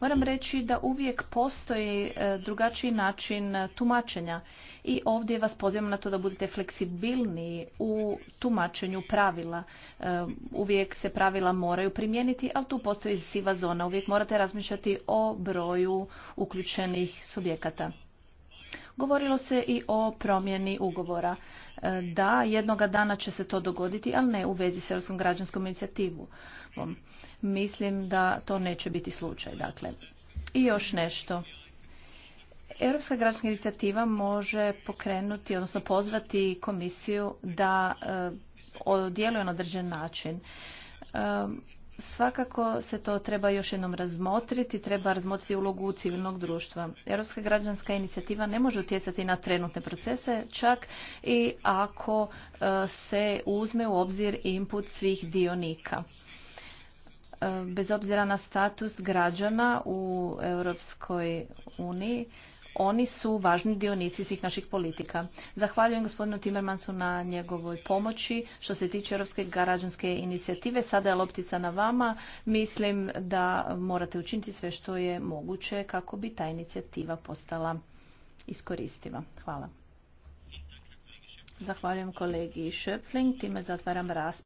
moram reći da uvijek postoji e, drugačiji način tumačenja i ovdje vas pozivam na to da budete fleksibilni u tumačenju pravila. E, uvijek se pravila moraju primijeniti, ali tu postoji siva zona. Uvijek morate razmišljati o broju uključenih subjekata. Govorilo se i o promjeni ugovora. Da, jednoga dana će se to dogoditi, ali ne u vezi s Europskom građanskom inicijativom. Mislim da to neće biti slučaj. Dakle, i još nešto. Europska građanska inicijativa može pokrenuti, odnosno pozvati komisiju da e, djeluje na određen način. E, Svakako se to treba još jednom razmotriti, treba razmotriti ulogu civilnog društva. Europska građanska inicijativa ne može utjecati na trenutne procese, čak i ako e, se uzme u obzir input svih dionika e, bez obzira na status građana u Europskoj uniji oni su važni dionici svih naših politika. Zahvaljujem gospodinu Timmermansu na njegovoj pomoći. Što se tiče Europske građanske inicijative, sada je loptica na vama. Mislim da morate učiniti sve što je moguće kako bi ta inicijativa postala iskoristiva. Hvala. Zahvaljujem kolegi Šöpling. Time zatvaram raspravu.